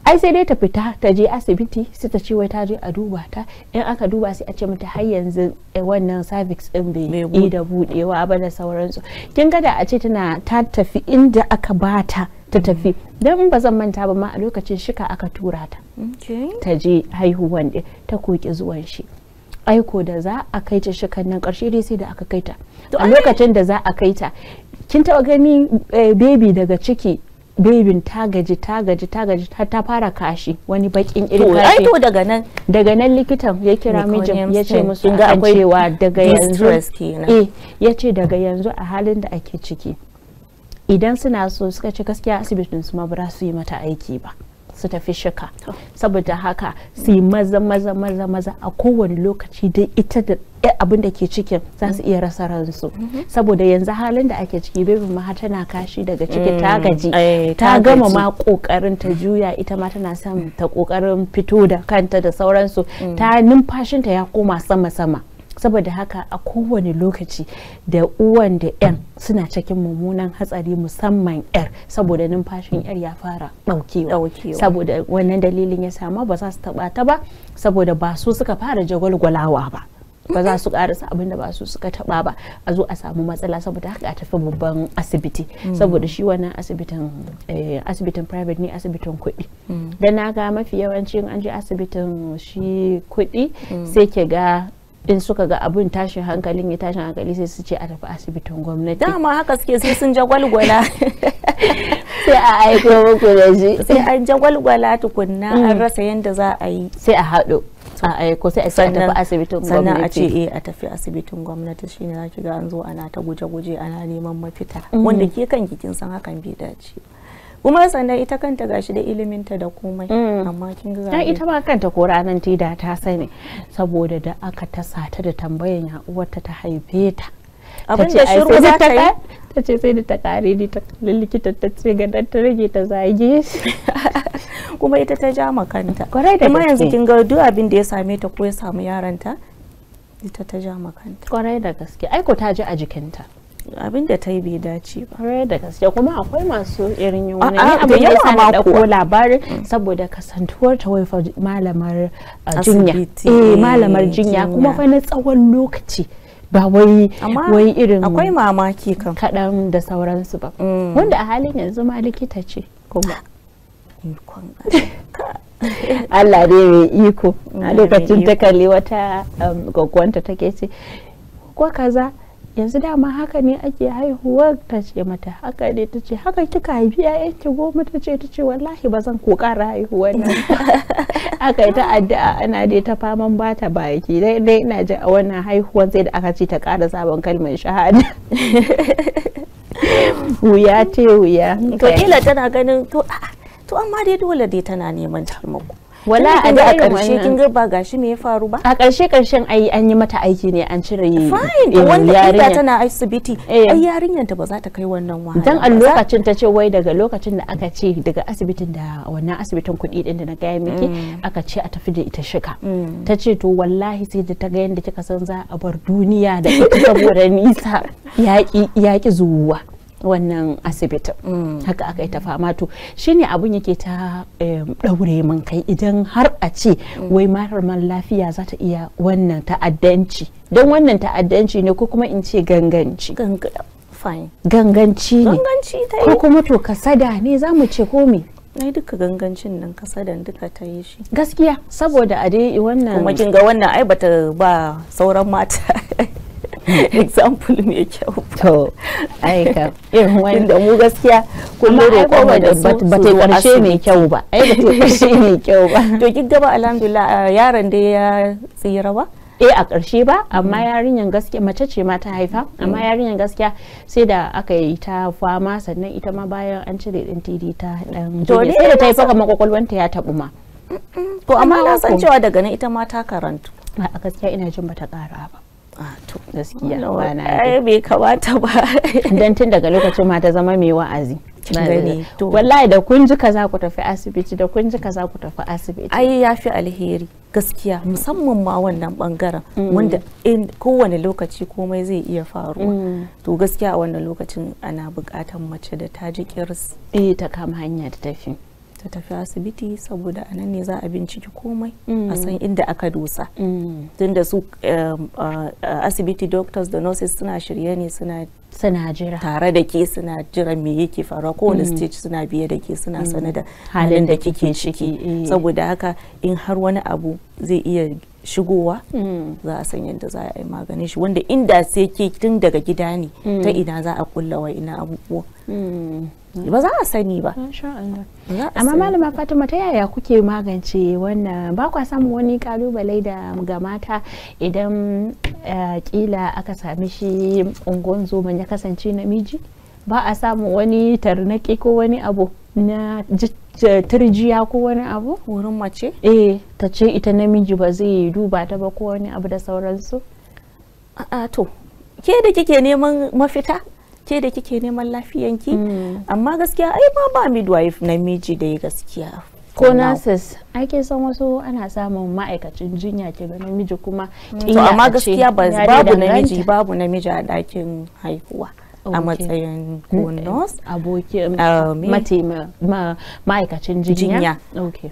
ai sai dai ta fita ta je asibiti sai ta ce wai ta je a duba ta in aka duba sai a ce mata har yanzu eh, wannan cervix din bai yi da budewa ba da sauransu kin ga da a ce tana ta tafi inda aka bata ta tafi don ba zan manta ba ma a lokacin shika aka tura ta ta je haihuwan din ta koki zuwan shi aiko da za a kai ta shikan nan karshe dai sai da aka kai ta a lokacin da za a kai ta kin taba gani eh, baby daga ciki babin ta gaji ta gaji ta gaji ta fara kashi wani bakin irin kashi to daga nan daga nan likitan ya kira mijin ya ce musu a cewa daga yanzu eh ya ce daga yanzu a halin da ake ciki idan suna so suka ce gaskiya asibitin su ma ba su yi mata aiki ba su tafi shika saboda haka su yi maza maza maza maza a kowane lokaci dai ita da abin da ke cikin za su iya rasa ransu saboda yanzu halin da ake ciki bebin ma tana kashi daga ciki ta mm, gaji ta gama ma kokarin ta juya ita ma tana son ta kokarin fito da kanta da sauransu mm. ta numfashinta ya koma sama sama saboda haka a kowane lokaci da uwan da yan suna cikin mummunan hatsari musamman yar saboda numfashin yar ya fara daukewa saboda wannan dalilin ya sama ba za su taba ta ba saboda ba su suka fara jagwalgwalawa ba ba za su karasa abin da ba su suka taba ba a zo a samu matsala saboda haka a tafi babban asibiti mm. saboda shi wannan asibitin eh, asibitin private ne asibitin kuɗi mm. da na ga mafi yawancin an je asibitin shi kuɗi mm. sai ke ga in suka ga abin tashin hankalin ya tashin hankali sai su ce a tafi asibitin gwamnati dama haka suke sai sun jagwalgwala sai a aiko muku da shi sai an jagwalgwala tukunna an mm. rasa yadda za a yi sai a haɗo a aiko sai a ce a tafi asibitin gwamnati sannan a ce eh a tafi asibitin gwamnati shine za ki ga an zo ana ta guje-guje ana neman mafita mm. wanda ke kan kikin san hakan bai dace kuma sannan ita kanta gashi da iliminta da komai mm. amma kin ga dan ita ma kanta ko ranan tida ta sani saboda da aka tasa ta da tambayan ya uwarta ta haife ta abin da shiru za ta yi ta ce sai da ta kare ni ta likita ta ce ga dan ta rage ta zage shi kuma ita ta ja makanta kuma yanzu kin ga duk abin da ya same ta ko ya samu yaranta ita ta ja makanta kwarai da gaske aiko ta ji a jikinta abin da ta yi bai dace ba. da gaske kuma akwai masu irin yin wani abin da yasa da ko labarin mm. saboda kasantuwar ta wai malamar uh, jinya. Eh malamar jinya kuma fa na tsawon lokaci. ba wai wai irin akwai mamaki kan kaɗan da sauransu ba mm. wanda a halin yanzu ma likita ce kuma Allah dai mai iko a lokacin ta kalli wata um, gwagwanta take ce ko kaza yanzu dama haka ne ake haihuwar ta ce mata haka ne ta ce haka kika haifi ki goma ta ce ta ce wallahi ba zan ko haihuwa nan aka yi ta addu'a ana dai ta faman ba ta baki dai dai ina ji a wannan haihuwan sai da aka ce ta kara sabon kalmar shahada wuya ce wuya to kila tana ganin to amma dai dole dai tana neman taimako wala a da a kin ga gashi me ya faru ba a ƙarshe ƙarshen ai an yi mata aiki ne an cire fine wanda ita tana asibiti eh. ai yarinyar ta ba za ta kai wannan wahala dan a lokacin ta ce wai daga lokacin da aka ce daga asibitin da wannan asibitin kuɗi din da na gaya miki mm. aka ce a tafi da ita shika mm. ta ce to wallahi sai da ta ga yanda kika san za a bar duniya da ita saboda nisa yaƙi yaki zuwa wannan asibitin mm. haka aka yi ta fama to shine abun yake ta daure mun kai idan har a ce mm. wai marar man lafiya za ta iya wannan ta'addanci don wannan ta'addanci ne ko kuma in ce ganganci ganganci ne ko kuma to kasada ne za mu ce ko me ai duka gangancin nan kasadan duka ta yi shi gaskiya saboda a dai wannan kuma kin ga wannan ai bata ba sauran mata example mai kyau to ai ka irin wani da mu gaskiya kullum roƙo ba da ba ta karshe mai kyau ba ai ba ta karshe mai kyau ba to kin gaba alhamdulillah uh, yaron da ya tsira ba eh a ƙarshe ba amma mm. yarinyan gaskiya mace ce ma ta haifa amma mm. yarinyan gaskiya sai da aka yi ta fama sannan ita ma bayan an cire ɗin td ta ɗan sai da ta yi faka makwakwalwanta ya taɓu ma to amma na san cewa daga nan ita ma ta karantu a gaskiya ina jin bata ƙara ba Ah, to gaskiya ba na ai bai kamata ba dan tun daga lokacin ma ta zama mai wa'azi wallahi da kun ji kaza ku tafi asibiti da kun ji kaza ku tafi asibiti ai fi alheri gaskiya musamman ma wannan bangaren mm. wanda kowane lokaci komai zai iya faruwa mm. to gaskiya a wannan lokacin ana bukatan mace da ta ji kirs eh ta kama hanya ta tafi ta tafi asibiti saboda a nan ne za a binciki komai mm. a san inda aka dosa mm. tunda su um, asibiti doctors da nurses suna shirye ne suna suna jira tare da ke suna jira me yake faruwa kowane mm. stage suna biye da ke suna sane da halin da kike ciki eh. saboda haka in har wani abu zai iya shigowa mm. za a san yadda za a yi maganin shi wanda inda sai ke tun daga gida ne mm. ta ina za a kulla wa ina abubuwa mm. ba za a sani ba amma malama fatima ta yaya kuke magance wannan ba kwa samun wani kalubale da ga mata idan eh, kila aka sami shi ungon ya kasance namiji ba a samu wani tarnaki ko wani abu na turjiya ko wani abu wurin mace eh ta ce ita namiji ba zai duba ta ba ko wani abu da sauransu a to ke da kike neman mafita ke da kike neman lafiyanki hmm. amma gaskiya ai ba ba midwife namiji da ya gaskiya ko nurses ake son wasu ana samun ma'aikacin jinya ke ga namiji kuma hmm. to amma gaskiya babu namiji babu namiji a dakin haihuwa a matsayin konos aboki eh, ma'aikacin jinya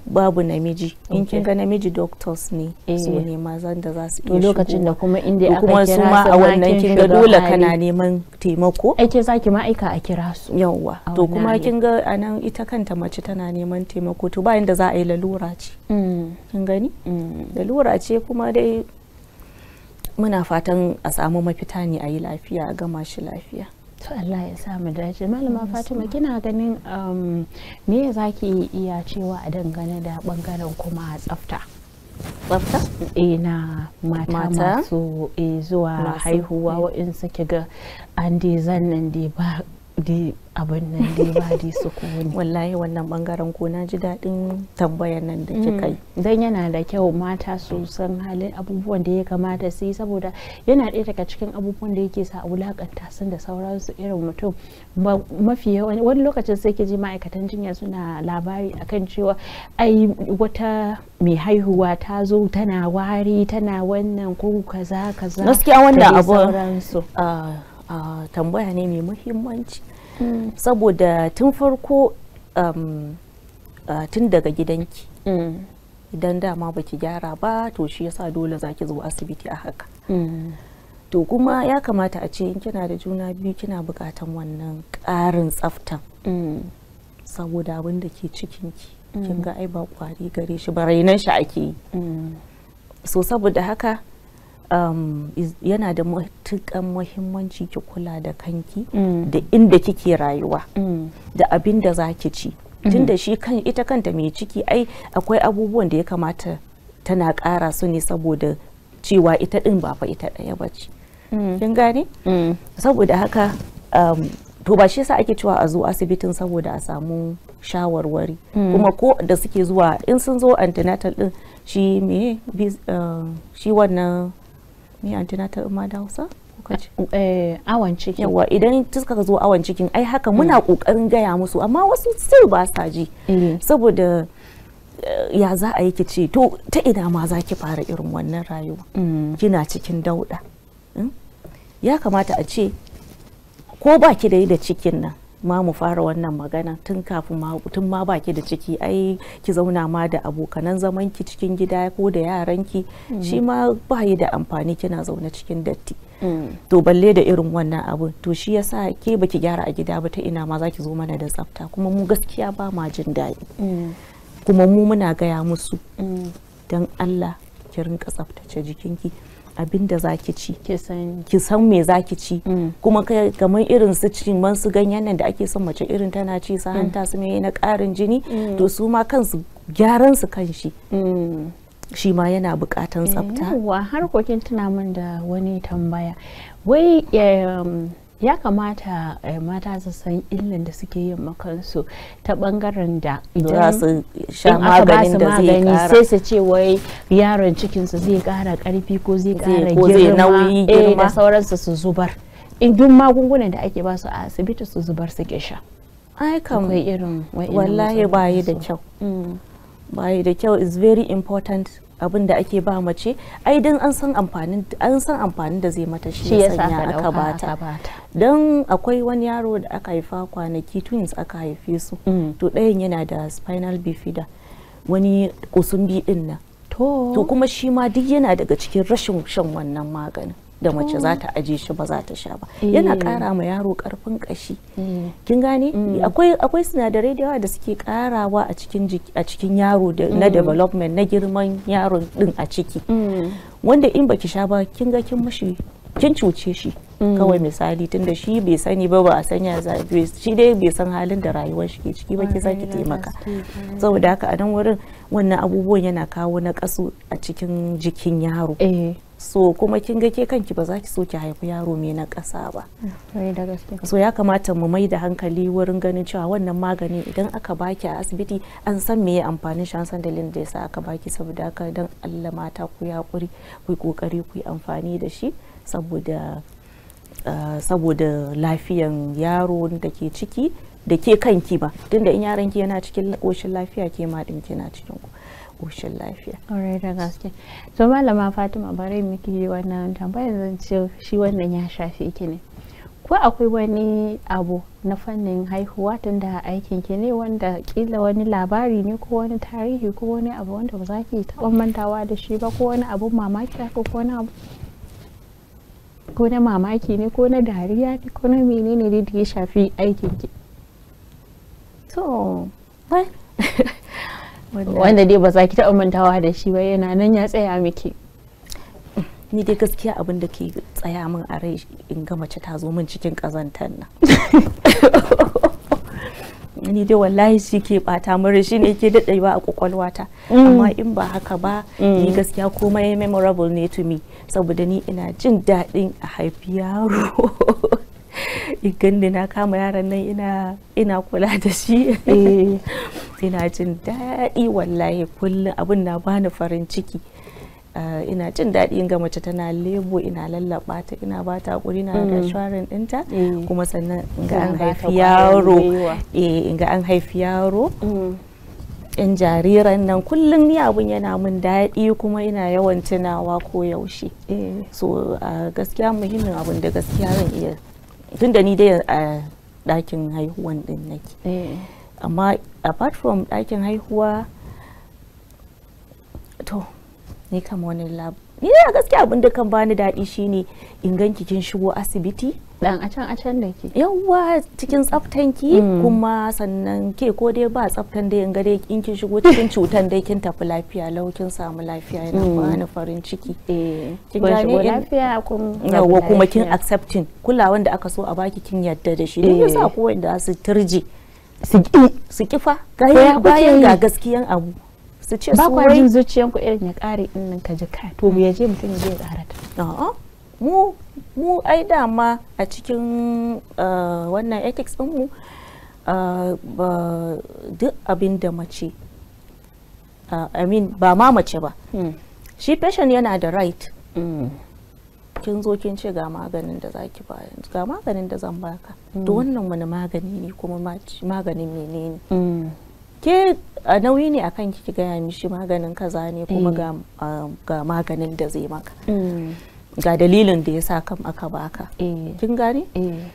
babu namiji in kin ga namiji doctors ne eh. su ne mazan da za su iya lokacin da kuma inda aka kuma su ma a wannan kin ga dole kana neman taimako ake eh, zaki ma'aika a kira su yawwa to kuma kin ga anan ita kanta mace tana neman taimako to bayan da za a yi lalura ce mm. kin gani mm. lalura ce kuma dai muna fatan a samu mafita ne a yi lafiya a gama shi lafiya to Allah ya sa mu dace malama Fatima kina ganin um, me zaki iya cewa a dangane da bangaren kuma tsafta tsafta e na mata, masu eh, zuwa haihuwa eh. wa'in suke ga an dai zannan dai ba di abin nan dai ba di su kone wallahi wannan bangaren ko na ji daɗin tambayar nan da kika yi mm. dan yana da kyau mata su san halin abubuwan da ya kamata su yi saboda yana ɗaya daga cikin abubuwan da yake sa a wulakanta sun da sauransu irin mutum mafi yawan wani lokacin sai ke ji ma'aikatan jinya suna labari akan cewa ai wata mai haihuwa ta zo tana wari tana wannan ko kaza kaza gaskiya wannan abu tambaya ne mai muhimmanci mm. saboda tun farko um, tun daga gidanki mm. idan dama baki gyara ba to shi yasa dole zaki zo asibiti a haka mm. to kuma ya kamata a ce in kina da juna biyu kina bukatan wannan ƙarin tsaftan saboda abin da ke cikinki kin ga ai ba kwari gare shi ba rainan shi ake yi so saboda haka Um, yana da matukan muhimmanci ki kula da kanki mm. da inda kike rayuwa mm. da abin da za ki ci mm-hmm. tunda shi kan ita kanta mai ciki ai akwai abubuwan da ya kamata tana ƙara su ne saboda cewa ita ɗin ba fa ita ɗaya ba ce mm. kin gane saboda haka um, to ba shi yasa ake cewa a zo asibitin saboda a samu shawarwari kuma ko da suke zuwa in sun zo antenatal din shi me uh, shi wannan Ni me antenatal ma da Hausa eh, awon ciki yawa idan ka zo awon cikin ai haka muna mm. ƙoƙarin gaya musu amma wasu sai ba sa ji eh. saboda eh, ya za a yi ki ce to ta ina ma za ki fara irin wannan rayuwa mm. kina cikin dauda hmm? ya kamata a ce ko ba ki da yi da cikin nan ma mu fara wannan magana tun kafin ma tun ma baki da ciki ai ki zauna ma da abokanan zaman ki cikin gida ko da yaran ki mm. shi ma ba yi da amfani kina zaune cikin datti mm. to balle da irin wannan abu to shi yasa ke baki gyara a gida ba ta ina ma zaki zo mana da tsafta kuma mu gaskiya ba ma jin daɗi mm. kuma mu muna gaya musu dan Allah ki rinka tsaftace jikinki abin da zaki ci ki san me zaki ci mm. kuma kamar irin su man su ganyen nan da ake son mace irin tana ci sa hanta mm. su ne na karin jini mm. to su ma kansu gyaran su kan shi shi ma yana bukatan tsafta wa har kokin tuna min da wani tambaya wai ya kamata eh, mata su san illan da suke yin makansu ta bangaren da idan su maganin da zai kara sai su ce wai yaron cikinsu zai kara karfi ko zai kara eh, girma da sauransu su zubar in duk magungunan da ake ba su a asibiti su zubar ke sha ai kan irin wallahi bayi mm. da kyau bayi da kyau is very important abin da ake ba mace ai dan an san amfani an san amfanin da zai mata shi ya sanya aka bata dan akwai wani yaro da aka haifa kwanaki twins aka haife su mm. to ɗayan yana da spinal bifida wani kusumbi din nan to kuma shi ma duk yana daga cikin rashin shan wannan maganin da mace za mm. ta aje shi ba za ta sha ba eh. yana kara ma yaro karfin kashi. Mm. kin gane mm. akwai sinadarai da yawa da suke ƙarawa a cikin a cikin yaro na development na girman yaro din a ciki wanda in baki sha ba kin ga kin mushi kin cuce shi kawai misali tunda shi bai sani ba ba a sanya za shi dai bai san halin da rayuwar shi ke ciki ba ki taimaka saboda haka a nan wurin wannan abubuwan yana kawo na kasu a cikin jikin yaro eh. so kuma kin ga ke kanki ba za ki so ki haifi yaro mai na ƙasa ba so ya kamata mu mai da hankali wurin ganin cewa wannan magani idan aka baki a asibiti an san me amfanin shi an san dalilin da yasa aka baki saboda haka dan Allah mata ku kuri ku yi kokari ku yi amfani da shi saboda ah, saboda lafiyan yaro da ke ciki da ke kanki ba tunda in yaron ki yana cikin koshin lafiya ke ma din kina cikin ku koshin lafiya. Ƙwarai da gaske. So malama Fatima bare miki wannan tambayar zan ce shi wannan ya shafi ki ne. Ko akwai wani abu na fannin haihuwa tun da aikin ki ne wanda kila wani labari ne ko wani tarihi ko wani abu wanda ba za ki taɓa mantawa da shi ba ko wani abu mamaki ko wani abu ko na mamaki ne ko na dariya ne ko na menene ne da ya shafi aikin ki. To, wanda dai ba za ki taɓa mantawa da shi ba yana nan ya tsaya miki ni dai gaskiya abin da ke tsaya min a rai in ga mace ta zo min cikin kazantar nan ni dai wallahi shi ke bata mura shi ne ke daɗewa a kwakwalwata mm. amma in ba haka ba mm. ni gaskiya komai memorable ne to me saboda ni ina jin daɗin a haifi yaro igandi na kama yaran nan ina ina kula da shi eh. ina jin daɗi wallahi kullum abin na bani farin ciki eh, ina jin daɗi ga mace tana lebo ina lallaba ta ina ba ta hakuri na da mm. shawarar ɗinta eh. kuma sannan ga an haifi yaro eh ga an haifi yaro yan jariran nan kullum ni abun yana min daɗi kuma ina yawan tunawa ko yaushe so gaskiya muhimmin abun da gaskiya zan iya tunda ni dai a eh, ɗakin haihuwan din nake eh. amma apart from ɗakin haihuwa to ni kam wani lab ni a gaskiya abin da kan bani daɗi shine in ganki kin shigo asibiti dan a can a can da ke yawwa cikin tsaftan ki mm. kuma sannan ke ko dai ba tsaftan da yanga dai in kin shigo cikin cutan dai kin tafi lafiya lau kin samu lafiya yana mm. bani farin ciki eh kin gane lafiya kuma yawwa kuma kin accepting kulawan da aka so a baki kin yadda da shi ne yasa eh. ko wanda su turje su kifa bayan ga gaskiyan abu su ce su ba ku jin zuciyanku irin ya kare in nan ka ji ka to mu yaje mutum ya je ya karata a'a mu mu ai dama a cikin eh, wannan ethics mu eh, ba duk abin da mace eh, I mean ba ma mace ba hmm. shi patient yana da right hmm. kin zo kin ce ga maganin da zaki ba ga maganin da zan baka hmm. to wannan wani magani ne kuma maganin menene ke a nauyi ne akan ki gaya mishi maganin kaza ne kuma ga, maganin da zai maka ga dalilin da ya sa kam aka baka eh. kin gane eh.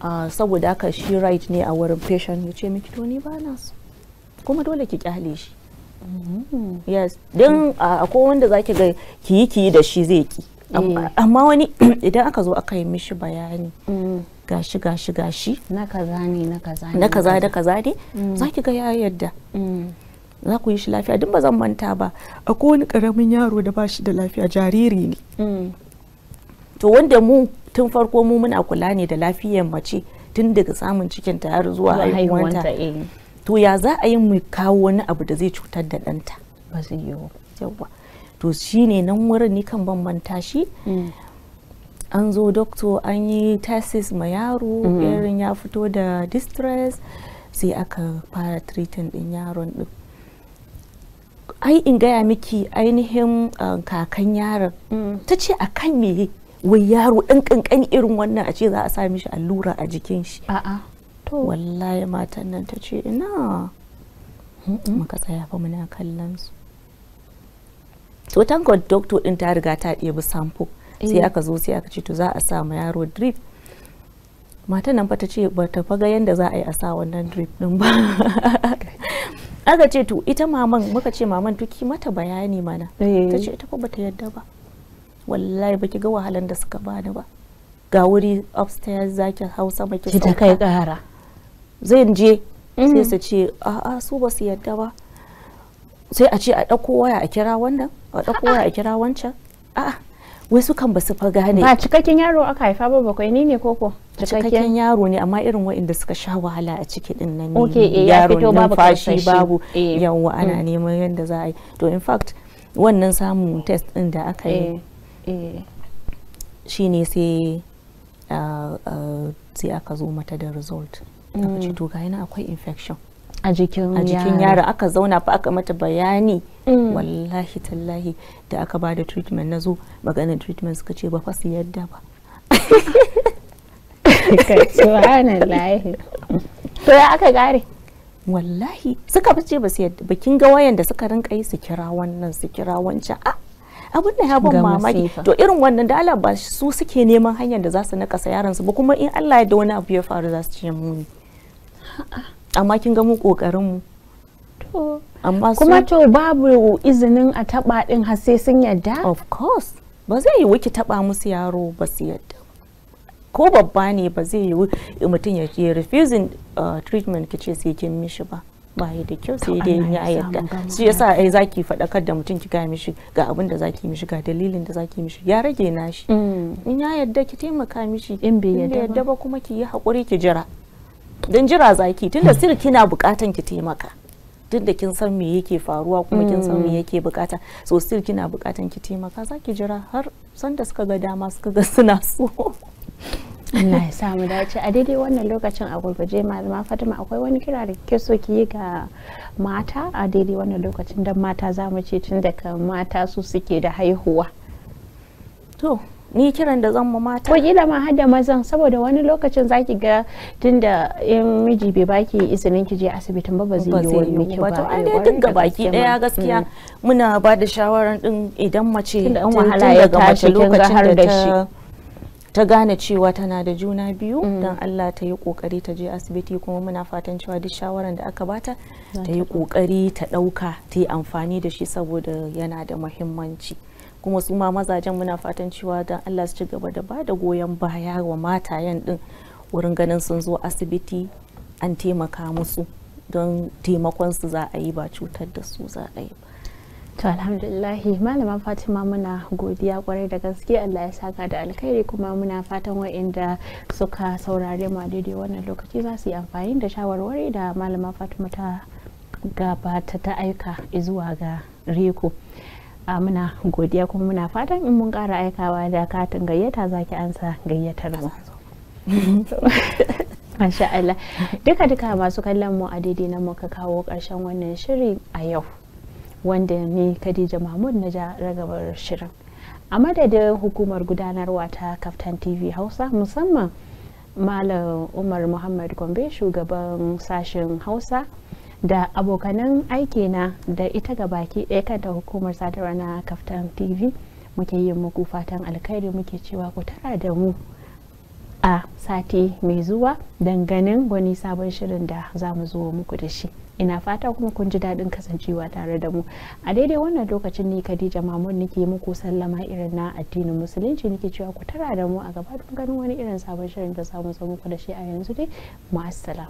ah, saboda haka shi right ne a wurin patient ya ce miki to ni ba na so kuma dole ki kyale shi mm-hmm. yes don akwai wanda zaki ga kiyi kiyi da shi zai ki eh. amma wani idan aka zo aka yi mishi bayani mm. gashi gashi gashi na kaza ne na kaza ne na kaza da kaza ne mm. zaki ga ya yadda mm. za ku yi shi lafiya duk ba zan manta ba akwai wani karamin yaro da ba shi da lafiya jariri ne to wanda mu tun farko mu muna kula ne da lafiyar mace tun daga samun cikin ta har zuwa haihuwanta eh. to ya za a yi mu kawo wani abu da zai cutar da ɗanta ba zai yi yawa to shine nan wurin ni kan bambanta shi mm. an zo doctor an yi tesis ma yaro irin mm-hmm. ya fito da distress sai aka fara treating din yaron din ai in gaya miki ainihin eh, kakan yaron mm. ta ce a kan me wai yaro ɗan ƙanƙani irin wannan a ce za a sa mishi allura a jikin shi a'a to wallahi matan nan ta ce ina muka tsaya fa muna kallon su to tanko doctor din ta riga ta ɗebi sampo sai eh. aka zo sai aka ce to za a sa ma yaro drip matan nan fa ta ce ba ta faga yanda za a yi a sa wannan drip din ba aka ce to ita maman muka ce maman tuki mata bayani mana ta eh. ce ita fa bata yadda ba wallahi baki ga wahalan da suka bani ba ga wuri upstairs zaki hausa ki sauka kai kara zan je mm. sai su ce a'a su ba su yadda ba sai a ce a ɗauko waya a kira wannan a ɗauko waya a kira wancan a'a wai su kan ba su fa gane ba cikakken yaro aka haifa ba bakwai ni ne koko cikakken yaro ne amma irin waɗanda suka sha wahala a ciki din nan ne eh, yaro numfashi babu eh. yawa ana mm. neman yadda za a yi to in fact wannan samun test din da aka yi eh. Eh, shi ne sai ah, ah, sai aka zo mata da result aka mm. ce to ga yana akwai infection a jikin a jikin yara aka zauna fa aka mata bayani mm. wallahi tallahi da aka ba da treatment na zo maganin treatment suka ce ba fa su yadda ba to ya aka gare wallahi suka fice ba su yadda bakin ga wayan da suka rinka yi su kira wannan su kira wancan a ah, abin da ya ban mamaki to irin wannan da Allah ba su suke neman hanyar da za su nakasa yaran su ba kuma in Allah ya da wani abu ya faru za su ce muni amma kin ga mu kokarin mu amma kuma to babu izinin a taba din har sai sun yadda of course ba zai yi wuki taba musu yaro ba su yadda ko babba ne ba zai yi mutum ya refusing uh, treatment kice sai kin mishi ba ba da kyau sai dai in ya yarda shi yasa ai zaki faɗakar da mutum ki ga mishi ga abin da zaki mishi ga dalilin da zaki mishi ya rage nashi mm. in ya yarda ki taimaka mishi in bai yarda ba kuma ki yi hakuri ki jira dan jira zaki tunda sir kina bukatan ki taimaka duk da kin san me yake faruwa kuma kin san me mm. yake bukata so sir kina bukatan ki taimaka zaki jira har sanda suka ga dama suka ga suna so Allah ya samu dace a daidai wannan lokacin a gurguje malama Fatima akwai wani kira da kike so ki yi ga mata a daidai wannan lokacin dan mata za mu ce tun daga mata su suke da haihuwa. To ni kiran da zan mu mata. Wakila ma har da mazan saboda wani lokacin zaki ga tunda in miji bai baki izinin ki je asibitin ba ba zai yi wani miki ba. To an eh, dai duk ga baki daya gaskiya mm. muna ba da shawaran din idan mace tun daga mace lokacin da ta ta gane cewa tana da juna biyu mm. don Allah ta yi kokari ta je asibiti kuma muna fatan cewa duk shawaran da aka bata ta yi kokari ta dauka ta yi amfani da shi saboda yana da muhimmanci kuma su ma mazajen muna fatan cewa don Allah su ci gaba da bada goyon baya wa matayen din wurin ganin sun zo asibiti an taimaka musu don taimakon su za a yi ba cutar da su za a yi ba to alhamdulillahi malama fatima muna godiya kwarai da gaske allah ya saka da alkhairi kuma muna fatan wa'inda suka saurare mu daidai wannan lokaci za su yi amfani da shawarwari da malama fatima ta gabata ta aika zuwa ga reko muna godiya kuma muna fatan in mun kara aikawa da katin gayyata za ki ansa gayyatar mu Masha Duka-duka masu kallon mu a daidai na muka kawo ƙarshen wannan shiri a yau. wanda ni khadija mahmud na ja ragabar shirin a madadin hukumar gudanarwa ta kaftan tv hausa musamman malam umar muhammad gombe shugaban sashen hausa da abokanan aiki na da ita ga baki ɗaya kanta hukumar sadarwa na kaftan tv muke yi muku fatan alkhairi muke cewa ku tara da mu a sati mai zuwa danganin wani sabon shirin da za mu zo muku da shi ina fata kuma kun ji daɗin kasancewa tare da mu a daidai wannan lokacin ne khadija mamun nake muku sallama irin na addinin musulunci nake cewa ku tara da mu a gaba don ganin wani irin sabon shirin da samu zo muku da shi a yanzu dai ma'assalam